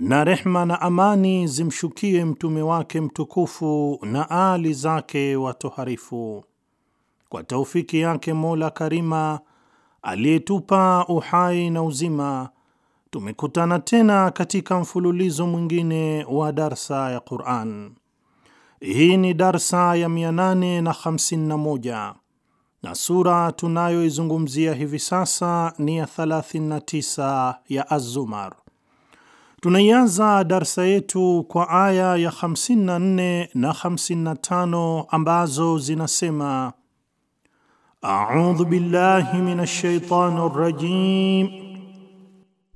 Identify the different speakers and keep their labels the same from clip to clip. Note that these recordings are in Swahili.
Speaker 1: na rehma na amani zimshukie mtume wake mtukufu na aali zake watoharifu. Kwa taufiki yake Mola Karima aliyetupa uhai na uzima, tumekutana tena katika mfululizo mwingine wa darsa ya Quran. Hii ni darsa ya 851 na, na sura tunayoizungumzia hivi sasa ni ya 39 ya Az-Zumar. Tunaianza darsa yetu kwa aya ya 54 na 55 ambazo zinasema: audhu billahi minash shaitani rrajim,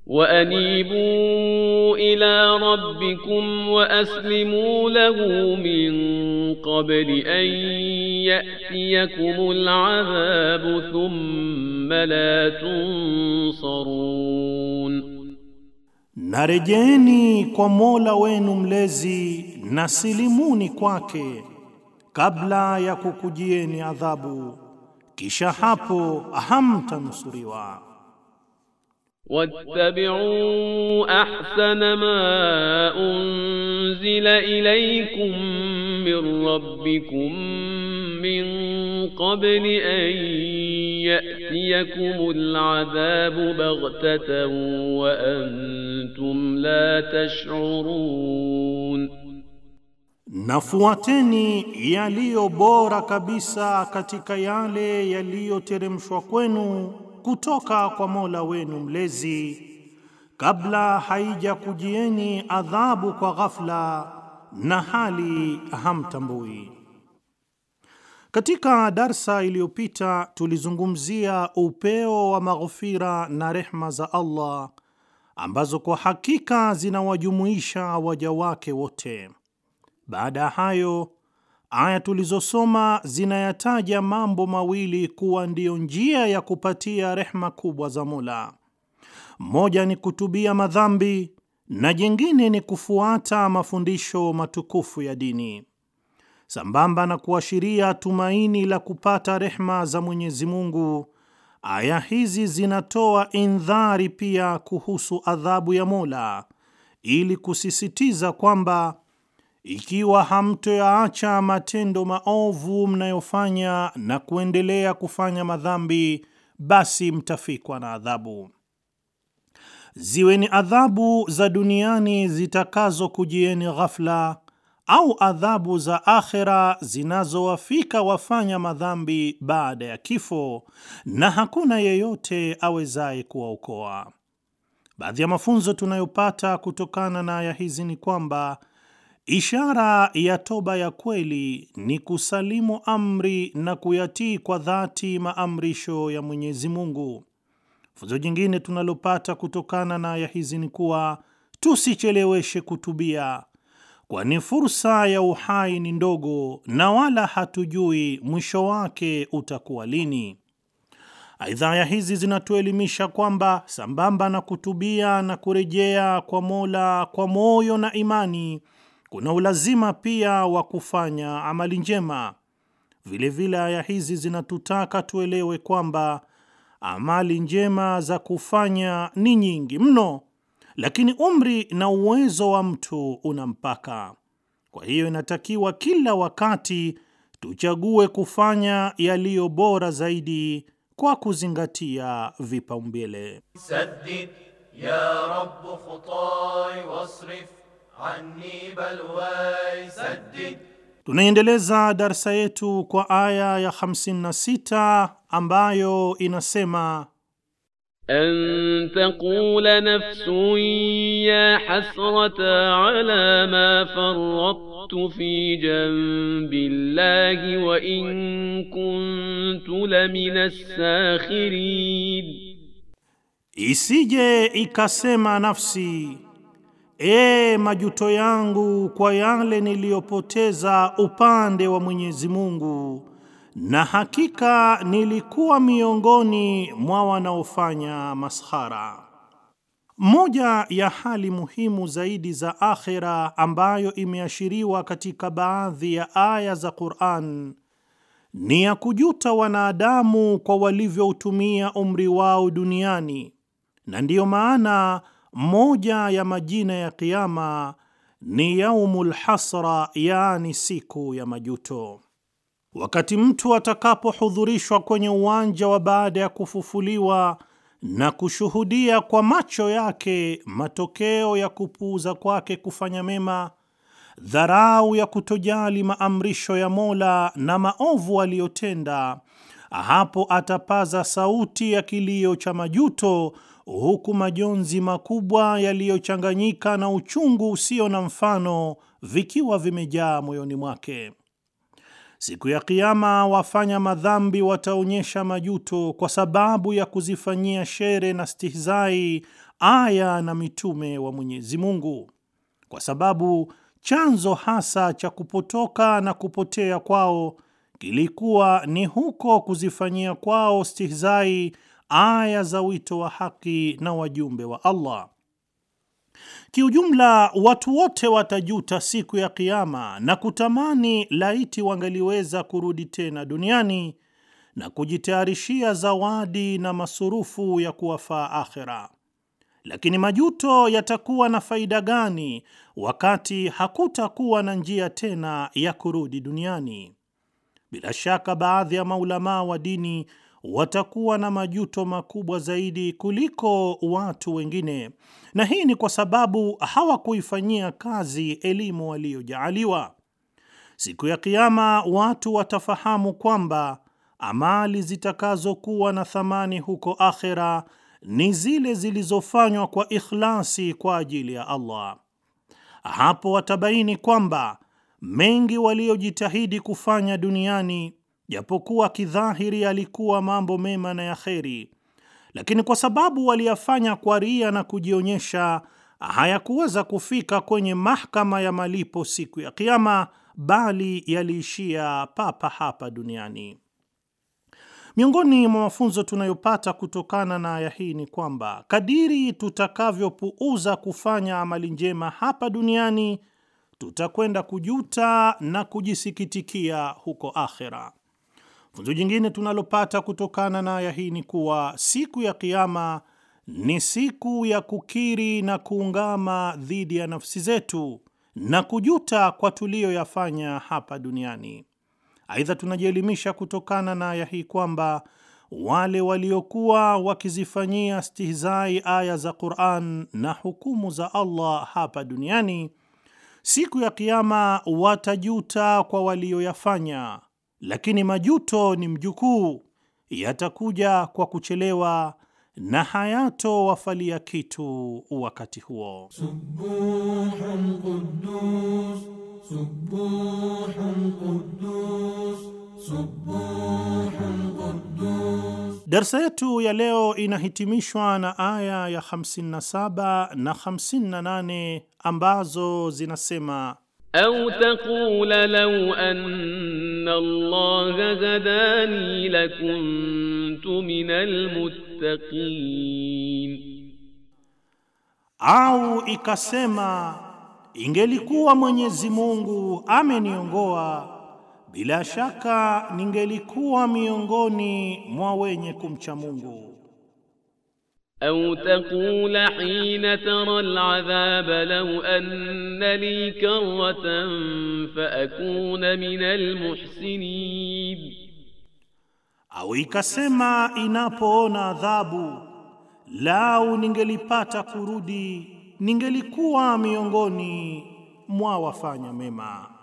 Speaker 2: wa anibu ila rabbikum wa aslimu lahu min qabli an ya'tiyakumul adhabu
Speaker 1: thumma la tunsarun na rejeeni kwa Mola wenu mlezi na silimuni kwake kabla ya kukujieni adhabu, kisha hapo hamtanusuriwa.
Speaker 2: Wattabi'u ahsana ma unzila ilaykum min rabbikum min قبل أن يأتيكم العذاب بغتة
Speaker 1: وأنتم لا تشعرون Nafuateni yaliyo bora kabisa katika yale yaliyoteremshwa kwenu kutoka kwa Mola wenu mlezi kabla haija kujieni adhabu kwa ghafla na hali hamtambui. Katika darsa iliyopita tulizungumzia upeo wa maghfira na rehma za Allah ambazo kwa hakika zinawajumuisha waja wake wote. Baada ya hayo, aya tulizosoma zinayataja mambo mawili kuwa ndiyo njia ya kupatia rehma kubwa za Mola. Moja ni kutubia madhambi na jingine ni kufuata mafundisho matukufu ya dini sambamba na kuashiria tumaini la kupata rehma za Mwenyezi Mungu, aya hizi zinatoa indhari pia kuhusu adhabu ya Mola ili kusisitiza kwamba ikiwa hamtoyaacha matendo maovu mnayofanya na kuendelea kufanya madhambi, basi mtafikwa na adhabu. Ziwe ni adhabu za duniani zitakazokujieni ghafla au adhabu za akhera zinazowafika wafanya madhambi baada ya kifo, na hakuna yeyote awezaye kuwaokoa. Baadhi ya mafunzo tunayopata kutokana na aya hizi ni kwamba ishara ya toba ya kweli ni kusalimu amri na kuyatii kwa dhati maamrisho ya Mwenyezi Mungu. Funzo jingine tunalopata kutokana na aya hizi ni kuwa tusicheleweshe kutubia kwani fursa ya uhai ni ndogo na wala hatujui mwisho wake utakuwa lini. Aidha, aya hizi zinatuelimisha kwamba sambamba na kutubia na kurejea kwa Mola kwa moyo na imani, kuna ulazima pia wa kufanya amali njema. Vilevile aya hizi zinatutaka tuelewe kwamba amali njema za kufanya ni nyingi mno lakini umri na uwezo wa mtu una mpaka. Kwa hiyo inatakiwa kila wakati tuchague kufanya yaliyo bora zaidi kwa kuzingatia vipaumbele. Saddid ya Rabb khutai wasrif anni balwai saddid. Tunaendeleza darsa yetu kwa aya ya 56 ambayo inasema
Speaker 2: أن تقول نفس يا حسرة على ما فرطت في جنب الله وإن كنت لمن
Speaker 1: الساخرين Isije ikasema nafsi, e, majuto yangu kwa yale niliyopoteza upande wa Mwenyezi Mungu na hakika nilikuwa miongoni mwa wanaofanya maskhara. Moja ya hali muhimu zaidi za akhira ambayo imeashiriwa katika baadhi ya aya za Qur'an ni ya kujuta wanadamu kwa walivyoutumia umri wao duniani, na ndiyo maana moja ya majina ya kiyama ni yaumul hasra, yaani siku ya majuto. Wakati mtu atakapohudhurishwa kwenye uwanja wa baada ya kufufuliwa na kushuhudia kwa macho yake matokeo ya kupuuza kwake kufanya mema, dharau ya kutojali maamrisho ya Mola na maovu aliyotenda, hapo atapaza sauti ya kilio cha majuto, huku majonzi makubwa yaliyochanganyika na uchungu usio na mfano vikiwa vimejaa moyoni mwake. Siku ya Kiama wafanya madhambi wataonyesha majuto kwa sababu ya kuzifanyia shere na stihzai aya na mitume wa Mwenyezi Mungu, kwa sababu chanzo hasa cha kupotoka na kupotea kwao kilikuwa ni huko kuzifanyia kwao stihzai aya za wito wa haki na wajumbe wa Allah. Kiujumla, watu wote watajuta siku ya Kiama na kutamani laiti wangaliweza kurudi tena duniani na kujitayarishia zawadi na masurufu ya kuwafaa akhera. Lakini majuto yatakuwa na faida gani wakati hakutakuwa na njia tena ya kurudi duniani? Bila shaka baadhi ya maulamaa wa dini watakuwa na majuto makubwa zaidi kuliko watu wengine, na hii ni kwa sababu hawakuifanyia kazi elimu waliyojaaliwa. Siku ya Kiama watu watafahamu kwamba amali zitakazokuwa na thamani huko akhera ni zile zilizofanywa kwa ikhlasi kwa ajili ya Allah. Hapo watabaini kwamba mengi waliyojitahidi kufanya duniani japokuwa kidhahiri alikuwa mambo mema na ya kheri, lakini kwa sababu waliyafanya kwa ria na kujionyesha, hayakuweza kufika kwenye mahakama ya malipo siku ya Kiama, bali yaliishia papa hapa duniani. Miongoni mwa mafunzo tunayopata kutokana na aya hii ni kwamba kadiri tutakavyopuuza kufanya amali njema hapa duniani, tutakwenda kujuta na kujisikitikia huko akhera. Funzo jingine tunalopata kutokana na aya hii ni kuwa siku ya Kiama ni siku ya kukiri na kuungama dhidi ya nafsi zetu na kujuta kwa tuliyoyafanya hapa duniani. Aidha, tunajielimisha kutokana na aya hii kwamba wale waliokuwa wakizifanyia stihzai aya za Qur'an na hukumu za Allah hapa duniani, siku ya kiama watajuta kwa walioyafanya lakini majuto ni mjukuu, yatakuja kwa kuchelewa na hayato wafalia kitu wakati huo. Subuhun Subuhun Subuhun Darsa yetu ya leo inahitimishwa na aya ya 57 na 58 ambazo zinasema au taqula law إن الله هداني لكنت
Speaker 2: من almuttaqin,
Speaker 1: au ikasema ingelikuwa Mwenyezi Mungu ameniongoa, bila shaka ningelikuwa miongoni mwa wenye kumcha Mungu.
Speaker 2: أو تقول حين ترى العذاب لو أن لي كرة فأكون من almuhsinin,
Speaker 1: au ikasema inapoona adhabu, lau ningelipata kurudi ningelikuwa miongoni mwa wafanya mema.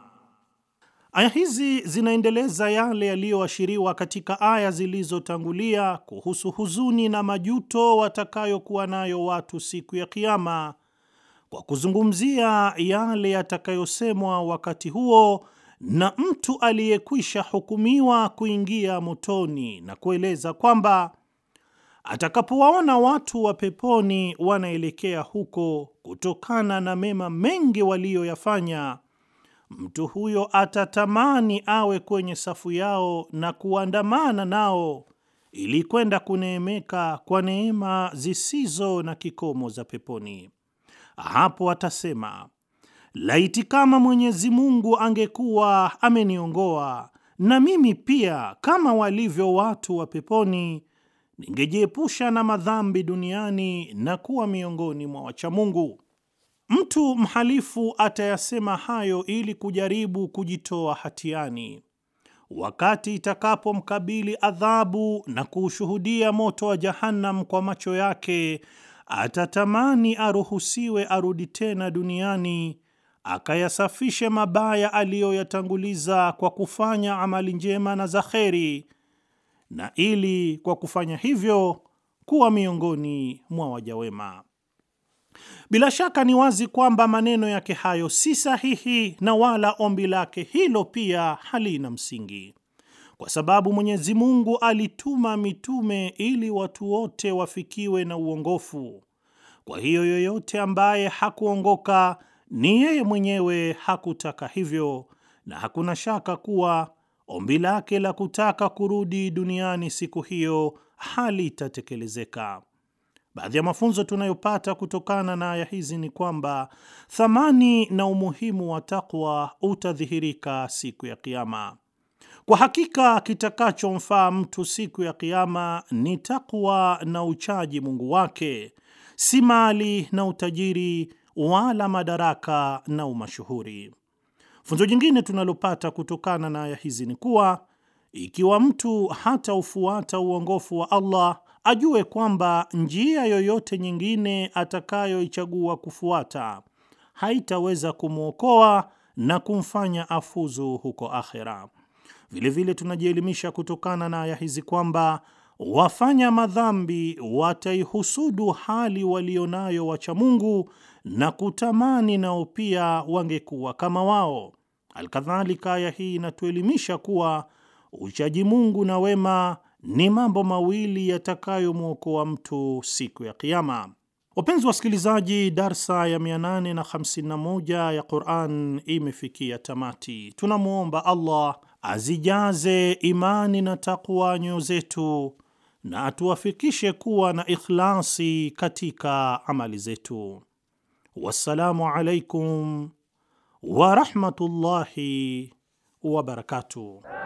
Speaker 1: Aya hizi zinaendeleza yale yaliyoashiriwa katika aya zilizotangulia kuhusu huzuni na majuto watakayokuwa nayo watu siku ya Kiama, kwa kuzungumzia yale yatakayosemwa wakati huo na mtu aliyekwisha hukumiwa kuingia motoni, na kueleza kwamba atakapowaona watu wa peponi wanaelekea huko kutokana na mema mengi waliyoyafanya mtu huyo atatamani awe kwenye safu yao na kuandamana nao ili kwenda kuneemeka kwa neema zisizo na kikomo za peponi. Hapo atasema, laiti kama Mwenyezi Mungu angekuwa ameniongoa na mimi pia kama walivyo watu wa peponi, ningejiepusha na madhambi duniani na kuwa miongoni mwa wachamungu. Mtu mhalifu atayasema hayo ili kujaribu kujitoa hatiani. Wakati itakapomkabili adhabu na kuushuhudia moto wa Jahannam kwa macho yake, atatamani aruhusiwe arudi tena duniani akayasafishe mabaya aliyoyatanguliza kwa kufanya amali njema na za kheri, na ili kwa kufanya hivyo kuwa miongoni mwa wajawema bila shaka ni wazi kwamba maneno yake hayo si sahihi na wala ombi lake hilo pia halina msingi, kwa sababu Mwenyezi Mungu alituma mitume ili watu wote wafikiwe na uongofu. Kwa hiyo yoyote ambaye hakuongoka ni yeye mwenyewe hakutaka hivyo, na hakuna shaka kuwa ombi lake la kutaka kurudi duniani siku hiyo halitatekelezeka. Baadhi ya mafunzo tunayopata kutokana na aya hizi ni kwamba thamani na umuhimu wa takwa utadhihirika siku ya Kiama. Kwa hakika kitakachomfaa mtu siku ya Kiama ni takwa na uchaji Mungu wake, si mali na utajiri wala madaraka na umashuhuri. Funzo jingine tunalopata kutokana na aya hizi ni kuwa ikiwa mtu hataufuata uongofu wa Allah ajue kwamba njia yoyote nyingine atakayoichagua kufuata haitaweza kumwokoa na kumfanya afuzu huko akhera. Vilevile tunajielimisha kutokana na aya hizi kwamba wafanya madhambi wataihusudu hali nayo wacha Mungu na kutamani nao pia wangekuwa kama wao. Alkadhalika, aya hii inatuelimisha kuwa uchaji Mungu na wema ni mambo mawili yatakayomwokoa mtu siku ya Kiama. Wapenzi wasikilizaji, darsa ya 851 ya Quran imefikia tamati. Tunamwomba Allah azijaze imani na takwa nyoyo zetu na atuwafikishe kuwa na ikhlasi katika amali zetu. Wassalamu alaikum warahmatullahi wabarakatuh.